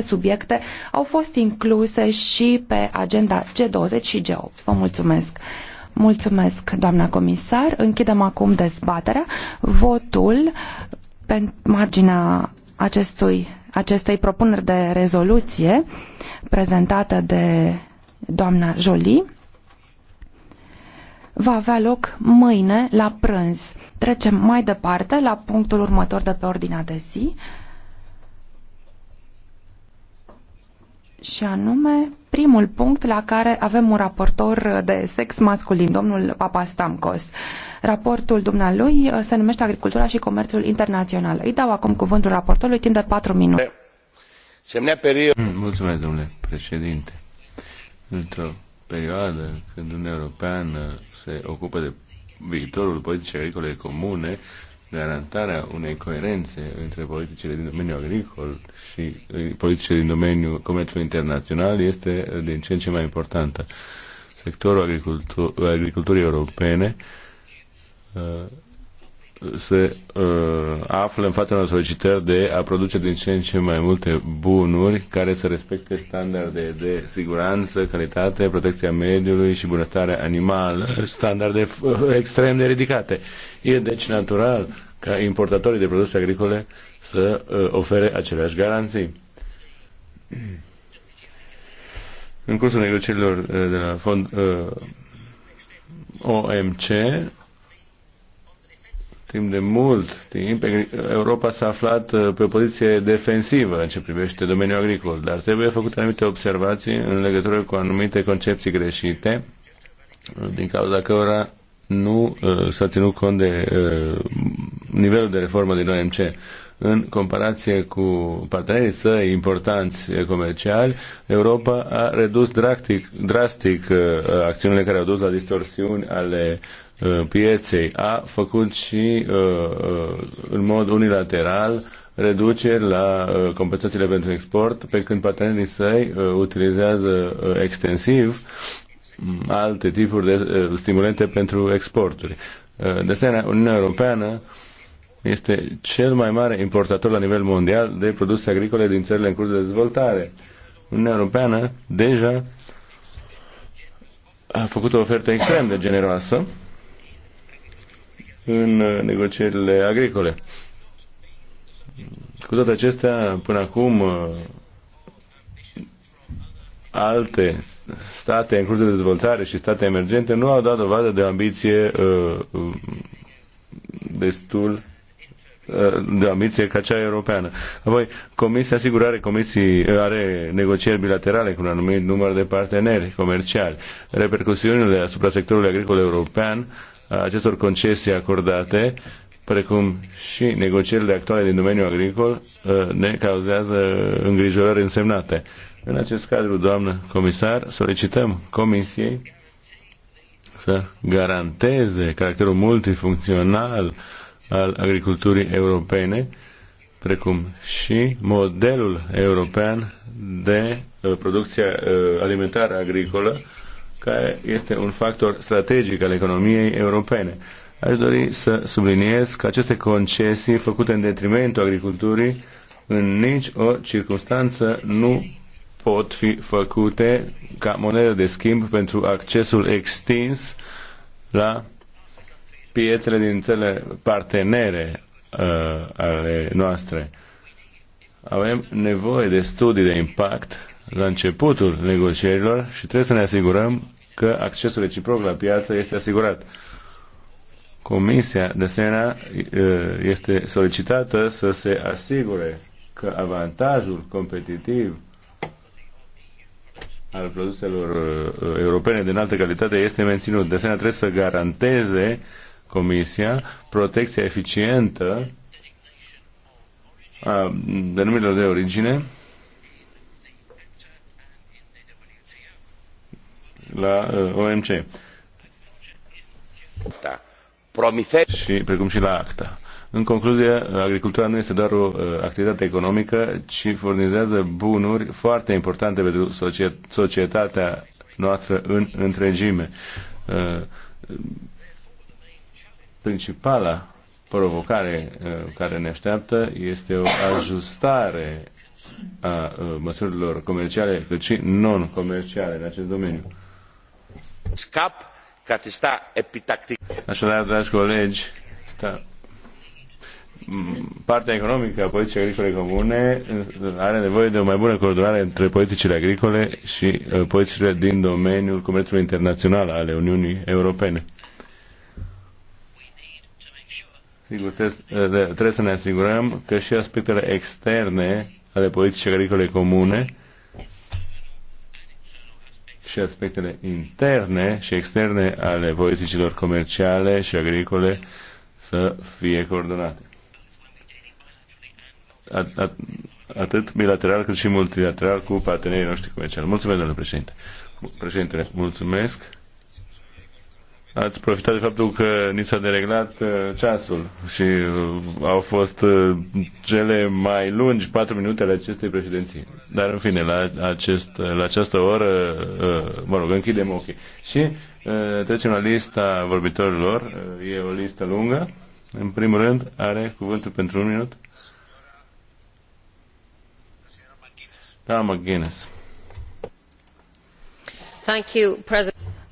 subiecte au fost incluse și pe agenda G20 și G8. Vă mulțumesc! Mulțumesc, doamna comisar. Închidem acum dezbaterea. Votul pe marginea acestui, acestei propuneri de rezoluție prezentată de doamna Jolie va avea loc mâine la prânz. Trecem mai departe la punctul următor de pe ordinea de zi. și anume primul punct la care avem un raportor de sex masculin, domnul Papastamkos. Raportul dumnealui uh, se numește Agricultura și Comerțul Internațional. Îi dau acum cuvântul raportorului timp de patru minute. Mm, mulțumesc, domnule președinte. Într-o perioadă când Uniunea Europeană se ocupă de viitorul politicii agricole comune, garantarea unei coerențe între politicile din domeniul agricol și eh, politicile din domeniul comerțului internațional este din ce în ce mai importantă. Sectorul agricultur- agriculturii europene eh, se uh, află în fața unor solicitări de a produce din ce în ce mai multe bunuri care să respecte standarde de siguranță, calitate, protecția mediului și bunăstarea animală, standarde uh, extrem de ridicate. E deci natural ca importatorii de produse agricole să uh, ofere aceleași garanții. În cursul negocierilor uh, de la fond uh, OMC, Timp de mult timp, Europa s-a aflat uh, pe o poziție defensivă în ce privește domeniul agricol, dar trebuie făcute anumite observații în legătură cu anumite concepții greșite, uh, din cauza cărora nu uh, s-a ținut cont de nivelul de reformă din OMC în comparație cu partenerii săi importanți comerciali, Europa a redus drastic, drastic acțiunile care au dus la distorsiuni ale Uh, pieței a făcut și uh, uh, în mod unilateral reduceri la compensațiile pentru export, pe când partenerii săi utilizează extensiv mm, alte tipuri de stimulente pentru exporturi. De asemenea, Uniunea Europeană este cel mai mare importator la nivel mondial de produse agricole din țările în curs de dezvoltare. Uniunea Europeană deja a făcut o ofertă extrem de generoasă în negocierile agricole. Cu toate acestea, până acum, alte state în curs de dezvoltare și state emergente nu au dat dovadă de ambiție uh, destul uh, de ambiție ca cea europeană. Apoi, Comisia, asigurare comisii, are negocieri bilaterale cu un anumit număr de parteneri comerciali. Repercusiunile asupra sectorului agricol european uh, acestor concesii acordate, precum și negocierile actuale din domeniul agricol, ne cauzează îngrijorări însemnate. În acest cadru, doamnă comisar, solicităm Comisiei să garanteze caracterul multifuncțional al agriculturii europene, precum și modelul european de producție alimentară agricolă, care este un factor strategic al economiei europene. Aș dori să subliniez că aceste concesii făcute în detrimentul agriculturii în nici o circunstanță nu pot fi făcute ca monedă de schimb pentru accesul extins la piețele din țările partenere uh, ale noastre. Avem nevoie de studii de impact la începutul negocierilor și trebuie să ne asigurăm că accesul reciproc la piață este asigurat. Comisia, de asemenea, este solicitată să se asigure că avantajul competitiv al produselor europene de înaltă calitate este menținut. De asemenea, trebuie să garanteze Comisia protecția eficientă a denumirilor de origine la uh, OMC. Da. Promifer... Și precum și la ACTA. În concluzie, agricultura nu este doar o uh, activitate economică, ci furnizează bunuri foarte importante pentru societatea noastră în întregime. Uh, principala provocare uh, care ne așteaptă este o ajustare a uh, măsurilor comerciale, cât și non-comerciale în acest domeniu. SCAP καθιστά epitactic. Așadar, dragi colegi, da. partea economică a politicii agricole comune are nevoie de o mai bună coordonare între politicile agricole și uh, politicile din domeniul comerțului internațional ale Uniunii Europene. Sigur, trebuie să ne asigurăm că și aspectele externe ale politicii agricole comune și aspectele interne și externe ale politicilor comerciale și agricole să fie coordonate. At, at, atât bilateral cât și multilateral cu partenerii noștri comerciali. Mulțumesc, domnule președinte. Președintele, mulțumesc ați profitat de faptul că ni s-a dereglat uh, ceasul și uh, au fost uh, cele mai lungi patru minute ale acestei președinții. Dar, în fine, la, acest, la această oră, mă rog, închidem ochii. Și trecem la lista vorbitorilor. e o listă lungă. În primul rând, are cuvântul pentru un minut. Da, McGuinness. Thank you, President.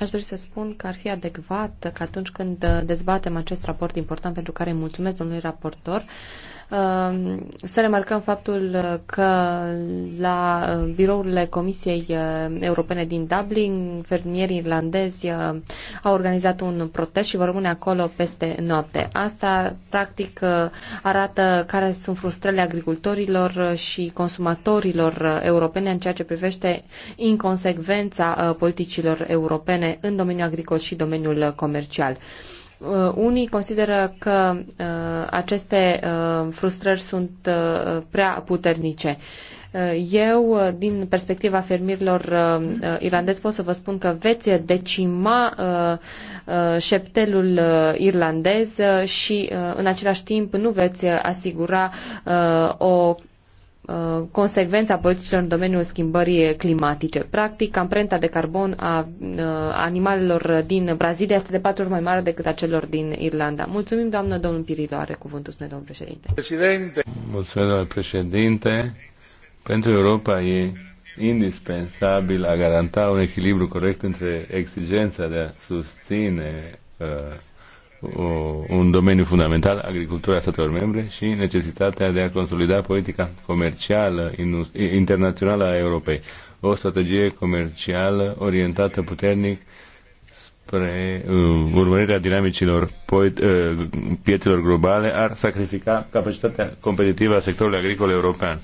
Aș dori să spun că ar fi adecvat că atunci când uh, dezbatem acest raport important pentru care îi mulțumesc domnului raportor, uh, să remarcăm faptul uh, că la birourile Comisiei Europene din Dublin, fermierii irlandezi au organizat un protest și vor rămâne acolo peste noapte. Asta, practic, arată care sunt frustrările agricultorilor și consumatorilor europene în ceea ce privește inconsecvența politicilor europene în domeniul agricol și domeniul comercial. Uh, unii consideră că uh, aceste uh, frustrări sunt prea puternice. Eu, din perspectiva fermierilor irlandezi, pot să vă spun că veți decima șeptelul irlandez și, în același timp, nu veți asigura o Uh, consecvența politicilor în domeniul schimbării climatice. Practic, amprenta de carbon a uh, animalelor din Brazilia este de patru ori mai mare decât a celor din Irlanda. Mulțumim, doamnă, domnul Pirilo are cuvântul, spune domnul președinte. președinte. Mulțumesc, domnule președinte. Pentru Europa e indispensabil a garanta un echilibru corect între exigența de a susține uh, un domeniu fundamental, agricultura statelor membre și necesitatea de a consolida politica comercială internațională a Europei. O strategie comercială orientată puternic spre uh, urmărirea dinamicilor poet, uh, piețelor globale ar sacrifica capacitatea competitivă a sectorului agricol european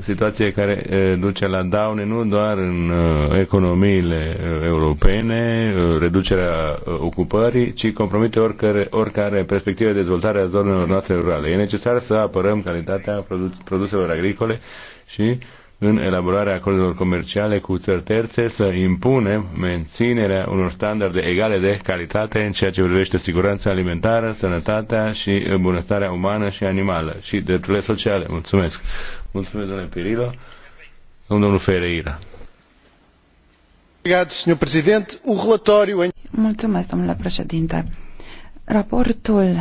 situație care duce la daune nu doar în economiile europene, reducerea ocupării, ci compromite oricare, oricare perspectivă de dezvoltare a zonelor noastre rurale. E necesar să apărăm calitatea produselor agricole și în elaborarea acordurilor comerciale cu țări terțe să impunem menținerea unor standarde egale de calitate în ceea ce privește siguranța alimentară, sănătatea și bunăstarea umană și animală și drepturile sociale. Mulțumesc! Mulțumesc, domnule Pirilo. Domnul Ferreira. Mulțumesc, domnule președinte. Raportul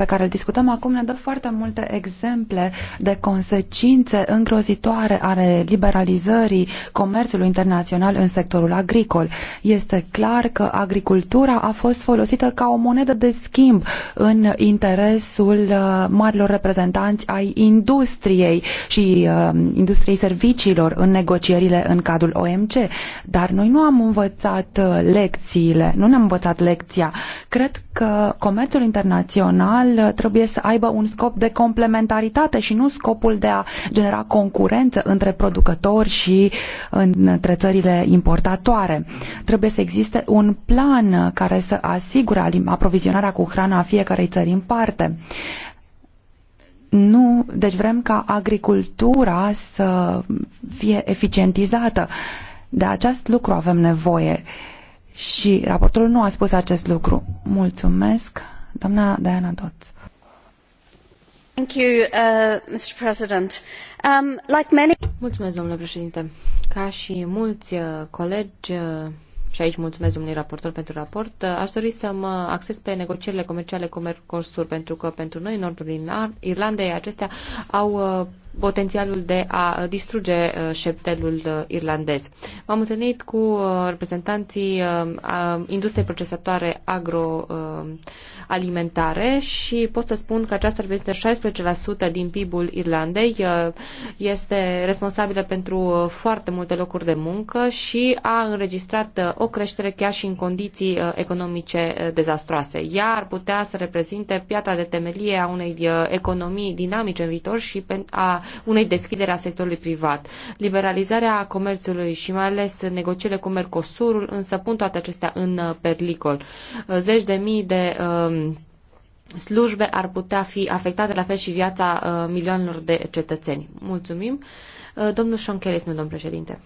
pe care îl discutăm acum ne dă foarte multe exemple de consecințe îngrozitoare ale liberalizării comerțului internațional în sectorul agricol. Este clar că agricultura a fost folosită ca o monedă de schimb în interesul uh, marilor reprezentanți ai industriei și uh, industriei serviciilor în negocierile în cadrul OMC. Dar noi nu am învățat uh, lecțiile, nu ne-am învățat lecția. Cred că comerțul internațional final uh, trebuie să aibă un scop de complementaritate și nu scopul de a genera concurență între producători și între țările importatoare. Trebuie să existe un plan care să asigure aprovizionarea cu hrana a fiecarei țări în parte. Nu, deci vrem ca agricultura să fie eficientizată. De acest lucru avem nevoie. Și raportorul nu a spus acest lucru. Mulțumesc. Doamna Diana Dodds. Thank you, uh, Mr. President. Um, like many... Mulțumesc, domnule președinte. Ca și mulți uh, colegi, uh, și aici mulțumesc domnului raportor pentru raport, uh, aș dori să mă acces pe negocierile comerciale cu Mercosur, pentru că pentru noi, în Nordul Irlandei, acestea au potențialul de a uh, distruge uh, șeptelul uh, irlandez. M-am întâlnit cu reprezentanții industriei procesatoare agroalimentare și pot să spun că aceasta reprezintă 16% din PIB-ul Irlandei, este responsabilă pentru foarte multe locuri de muncă și a înregistrat o creștere chiar și în condiții economice dezastroase. Ea ar putea să reprezinte piatra de temelie a unei economii dinamice în viitor și a unei deschideri a sectorului privat. Liberalizarea comerțului și mai ales negocierile cu Mercosurul însă pun toate acestea în uh, pericol. Uh, zeci de mii de um, slujbe ar putea fi afectate la fel și viața uh, milioanelor de cetățeni. Mulțumim. Uh, domnul Sean Kelly, domnul președinte.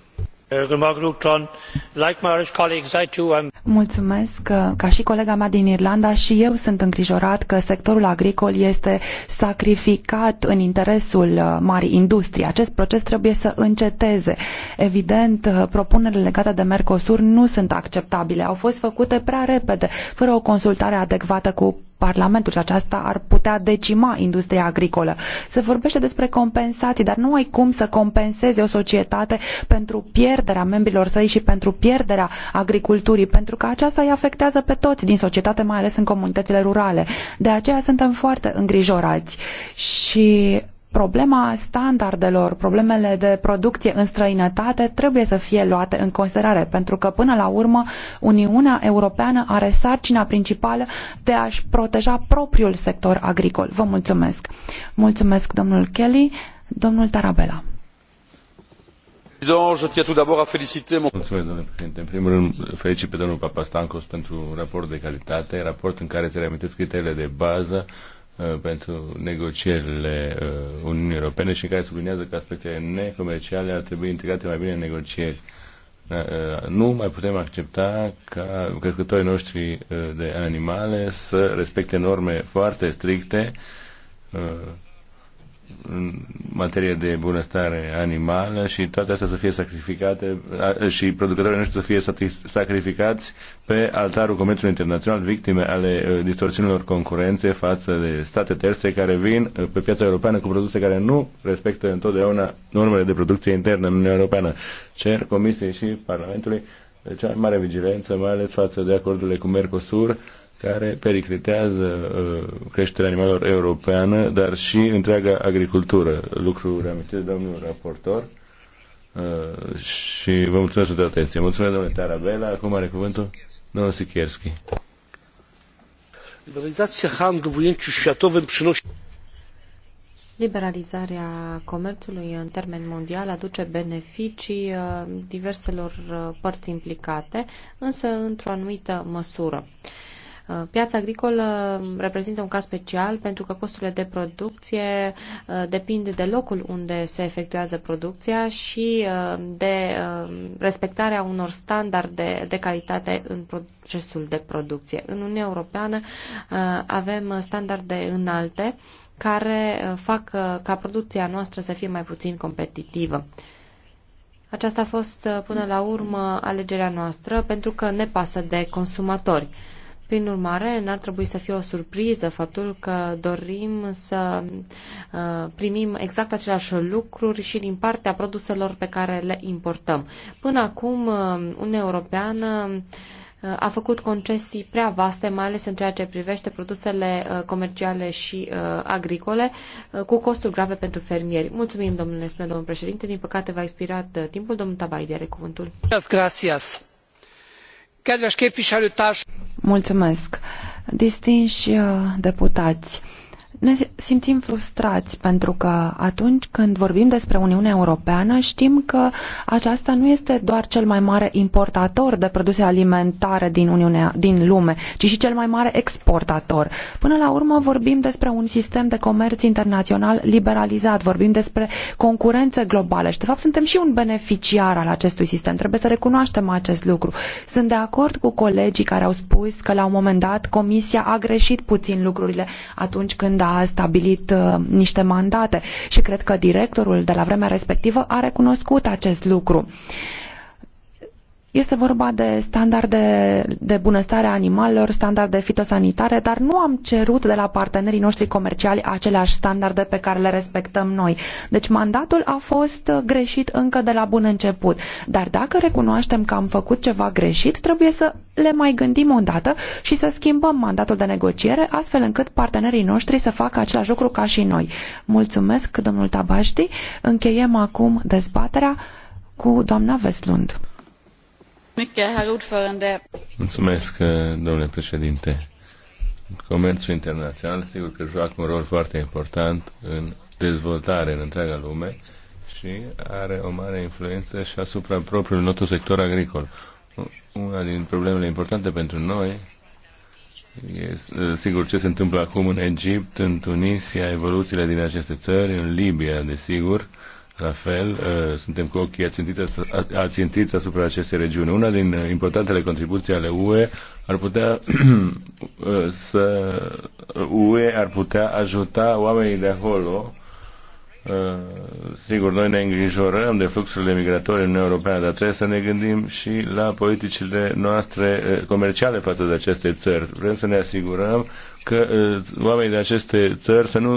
Mulțumesc. Ca și colega mea din Irlanda, și eu sunt îngrijorat că sectorul agricol este sacrificat în interesul eh, marii industrii. Acest proces trebuie să înceteze. Evident, eh, propunerile legate de Mercosur nu sunt acceptabile. Au fost făcute prea repede, fără o consultare adecvată cu Parlamentul și aceasta ar putea decima industria agricolă. Se vorbește despre compensații, dar nu ai cum să compensezi o societate pentru pierderea membrilor săi și pentru pierderea agriculturii, pentru că aceasta îi afectează pe toți din societate, mai ales în comunitățile rurale. De aceea suntem foarte îngrijorați și problema standardelor, problemele de producție în străinătate trebuie să fie luate în considerare, pentru că până la urmă Uniunea Europeană are sarcina principală de a-și proteja propriul sector agricol. Vă mulțumesc. Mulțumesc, domnul Kelly. Domnul Tarabella. Mulțumesc, domnule președinte. În primul rând, felicit pe domnul Papastancos pentru un raport de calitate, raport în care se reamintesc criteriile de bază Uh, pentru negocierile uh, Uniunii Europene și care sublinează că aspectele necomerciale ar trebui integrate mai bine în negocieri. Da, uh, nu mai putem accepta ca crescătorii noștri de animale să respecte norme foarte stricte în materie de bunăstare animală și toate astea să fie sacrificate și producătorii noștri să fie sacrificați pe altarul comerțului internațional victime ale uh, distorsiunilor concurențe față de state terțe care vin uh, pe piața europeană cu produse care nu respectă întotdeauna normele de producție internă în Uniunea Europeană. Cer Comisiei și Parlamentului uh, cea mai mare vigilență, mai ales față de acordurile cu Mercosur, care periclitează uh, creșterea animalelor europeană, dar și întreaga agricultură, lucru reamintit de domnul raportor. Uh, și vă mulțumesc pentru atenție. Mulțumesc, domnule Tarabela. Acum are cuvântul domnul Sikierski. Liberalizarea comerțului în termen mondial aduce beneficii uh, diverselor părți implicate, însă într-o anumită măsură. Uh, piața agricolă reprezintă un caz special pentru că costurile de producție uh, depind de locul unde se efectuează producția și uh, de respectarea unor standarde de calitate în procesul de producție. În Uniunea Europeană avem standarde înalte care fac ca producția noastră să fie mai puțin competitivă. Aceasta a fost până la urmă alegerea noastră pentru că ne pasă de consumatori. Prin urmare, n-ar trebui să fie o surpriză faptul că dorim să uh, primim exact aceleași lucruri și din partea produselor pe care le importăm. Până acum, uh, Uniunea Europeană uh, a făcut concesii prea vaste, mai ales în ceea ce privește produsele comerciale și agricole, cu costuri grave pentru fermieri. Mulțumim, domnule, spune domnul președinte. Din păcate, va expirat timpul. Domnul Tabai, de are cuvântul. Gracias. Kedves képviselőtárs! Mulțumesc! Distinși uh, deputați, ne simțim frustrați pentru că atunci când vorbim despre Uniunea Europeană știm că aceasta nu este doar cel mai mare importator de produse alimentare din, Uniunea, din lume, ci și cel mai mare exportator. Până la urmă vorbim despre un sistem de comerț internațional liberalizat, vorbim despre concurență globală și de fapt suntem și un beneficiar al acestui sistem. Trebuie să recunoaștem acest lucru. Sunt de acord cu colegii care au spus că la un moment dat Comisia a greșit puțin lucrurile atunci când a a stabilit uh, niște mandate și cred că directorul de la vremea respectivă a recunoscut acest lucru. Este vorba de standarde de bunăstare a animalelor, standarde fitosanitare, dar nu am cerut de la partenerii noștri comerciali aceleași standarde pe care le respectăm noi. Deci mandatul a fost greșit încă de la bun început. Dar dacă recunoaștem că am făcut ceva greșit, trebuie să le mai gândim o dată și să schimbăm mandatul de negociere, astfel încât partenerii noștri să facă același lucru ca și noi. Mulțumesc, domnul Tabaști. Încheiem acum dezbaterea cu doamna Veslund. Mulțumesc, domnule președinte. Comerțul internațional, sigur că joacă un rol foarte important în dezvoltare în întreaga lume și are o mare influență și asupra propriului nostru sector agricol. Una din problemele importante pentru noi este, sigur, ce se întâmplă acum în Egipt, în Tunisia, evoluțiile din aceste țări, în Libia, desigur, la fel, uh, suntem cu ochii ațintiți asupra acestei regiuni. Una din importantele contribuții ale UE ar putea uh, să UE ar putea ajuta oamenii de acolo uh, sigur, noi ne îngrijorăm de fluxurile migratorii în Uniunea Europeană, dar trebuie să ne gândim și la politicile noastre comerciale față de aceste țări. Vrem să ne asigurăm că oamenii de aceste țări să nu,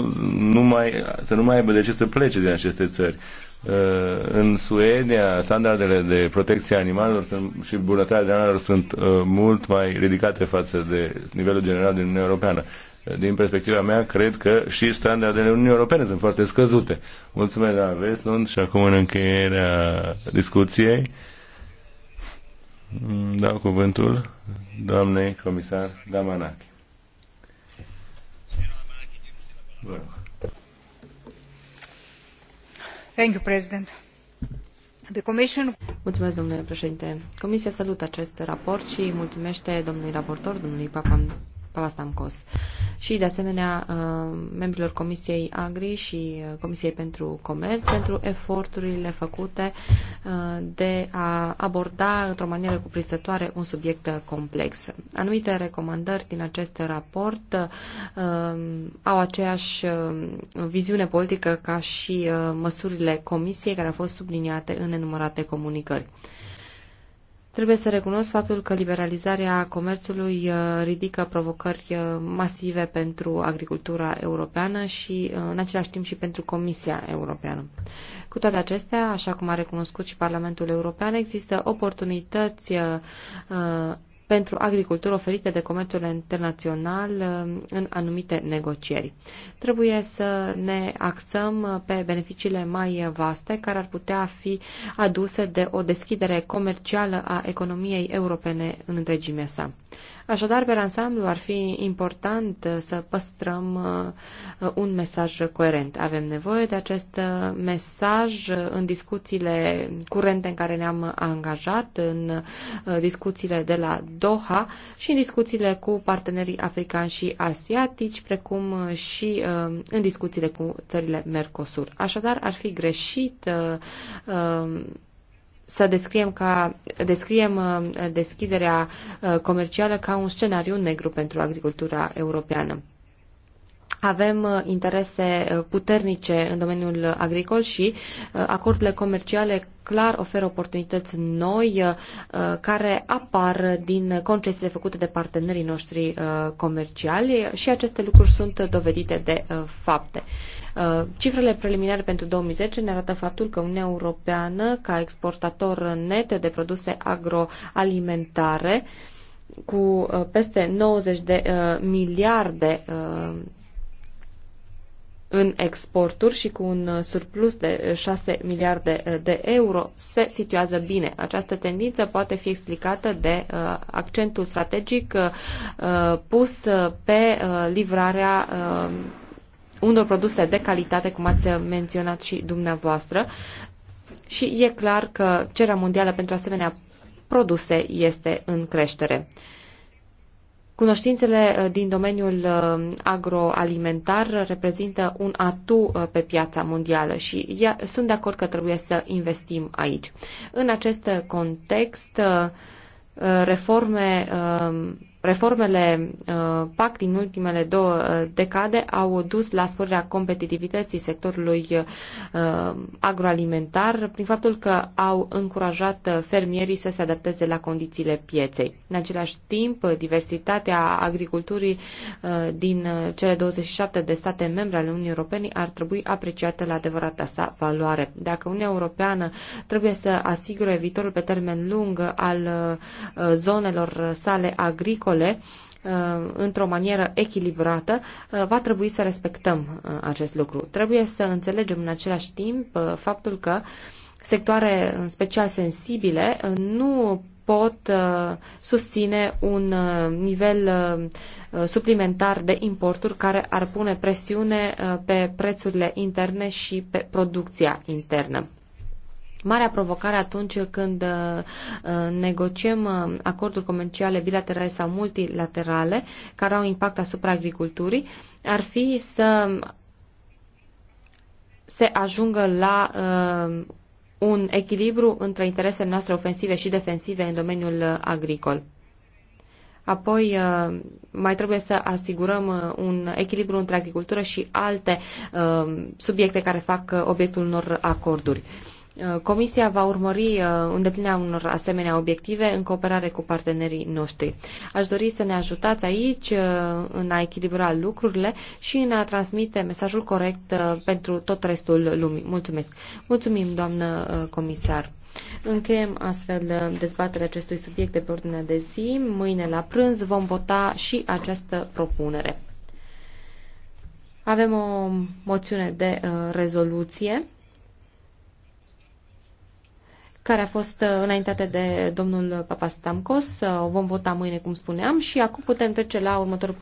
nu mai, să nu mai aibă de ce să plece din aceste țări. În Suedia, standardele de protecție a animalelor și bunătatea de animalelor sunt mult mai ridicate față de nivelul general din Uniunea Europeană. Din perspectiva mea, cred că și standardele Uniunii Europene sunt foarte scăzute. Mulțumesc, doamna Vestlund, și acum în încheierea discuției. Dau cuvântul doamnei comisar Damanache. Mulțumesc, președinte. Comisia salută acest raport și mulțumește domnului raportor, domnului Papam Palastamcos și, de asemenea, uh, membrilor Comisiei Agri și uh, Comisiei pentru Comerț pentru eforturile făcute uh, de a aborda într-o manieră cuprinsătoare un subiect complex. Anumite recomandări din acest raport au aceeași viziune politică ca și măsurile Comisiei care au fost subliniate în enumărate comunicări. Trebuie să recunosc faptul că liberalizarea comerțului uh, ridică provocări uh, masive pentru agricultura europeană și, uh, în același timp, și pentru Comisia Europeană. Cu toate acestea, așa cum a recunoscut și Parlamentul European, există oportunități pentru agricultură oferite de comerțul internațional uh, în anumite negocieri. Trebuie să ne axăm pe beneficiile mai vaste care ar putea fi aduse de o deschidere comercială a economiei europene în întregimea sa. Așadar, pe ansamblu ar fi important uh, să păstrăm uh, un mesaj coerent. Avem nevoie de acest uh, mesaj în discuțiile curente în care ne-am angajat, în discuțiile de la Doha și în discuțiile cu partenerii africani și asiatici, precum și în discuțiile cu țările Mercosur. Așadar, ar fi greșit să descriem, ca, descriem uh, deschiderea uh, comercială ca un scenariu negru pentru agricultura europeană. Avem uh, interese uh, puternice în domeniul agricol și uh, acordurile comerciale clar oferă oportunități noi care apar din concesiile făcute de partenerii noștri comerciali și aceste lucruri sunt dovedite de fapte. Cifrele preliminare pentru 2010 ne arată faptul că Uniunea Europeană, ca exportator net de produse agroalimentare, cu peste 90 de uh, miliarde uh, în exporturi și cu un uh, surplus de 6 uh, miliarde uh, de euro se situează bine. Această tendință poate fi explicată de accentul strategic pus pe livrarea unor produse de calitate, cum ați menționat și dumneavoastră. Și e clar că cererea mondială pentru asemenea produse este în creștere. Cunoștințele uh, din domeniul uh, agroalimentar reprezintă un atu uh, pe piața mondială și sunt de acord că trebuie să investim aici. În acest context, reforme Reformele uh, PAC din ultimele două uh, decade au dus la sporirea competitivității sectorului uh, agroalimentar prin faptul că au încurajat fermierii să se adapteze la condițiile pieței. În același timp, diversitatea agriculturii din cele 27 de state membre ale Uniunii Europene ar trebui apreciată la adevărata sa valoare. Dacă Uniunea Europeană trebuie să asigure viitorul pe termen lung al zonelor sale agricole, articole uh, într-o manieră echilibrată, uh, va trebui să respectăm uh, acest lucru. Trebuie să înțelegem în același timp faptul că sectoare în special sensibile nu pot susține un nivel suplimentar de importuri care ar pune presiune pe prețurile interne și pe producția internă. Marea provocare atunci când uh, uh, negociem uh, acorduri comerciale bilaterale sau multilaterale care au impact asupra agriculturii ar fi să se ajungă la un echilibru între interesele noastre ofensive și defensive în domeniul agricol. Apoi mai trebuie să asigurăm un echilibru între agricultură și alte subiecte care fac obiectul unor acorduri. Uh, Comisia va urmări uh, îndeplinirea unor asemenea obiective în cooperare cu partenerii noștri. Aș dori să ne ajutați aici uh, în a echilibra lucrurile și în a transmite mesajul corect pentru tot restul lumii. Mulțumesc! Mulțumim, doamnă comisar! Încheiem astfel dezbaterea acestui subiect de pe ordinea de zi. Mâine la prânz vom vota și această propunere. Avem o moțiune de uh, rezoluție care a fost uh, înaintată de domnul Papastamkos. Uh, o vom vota mâine, cum spuneam, și acum putem trece la următorul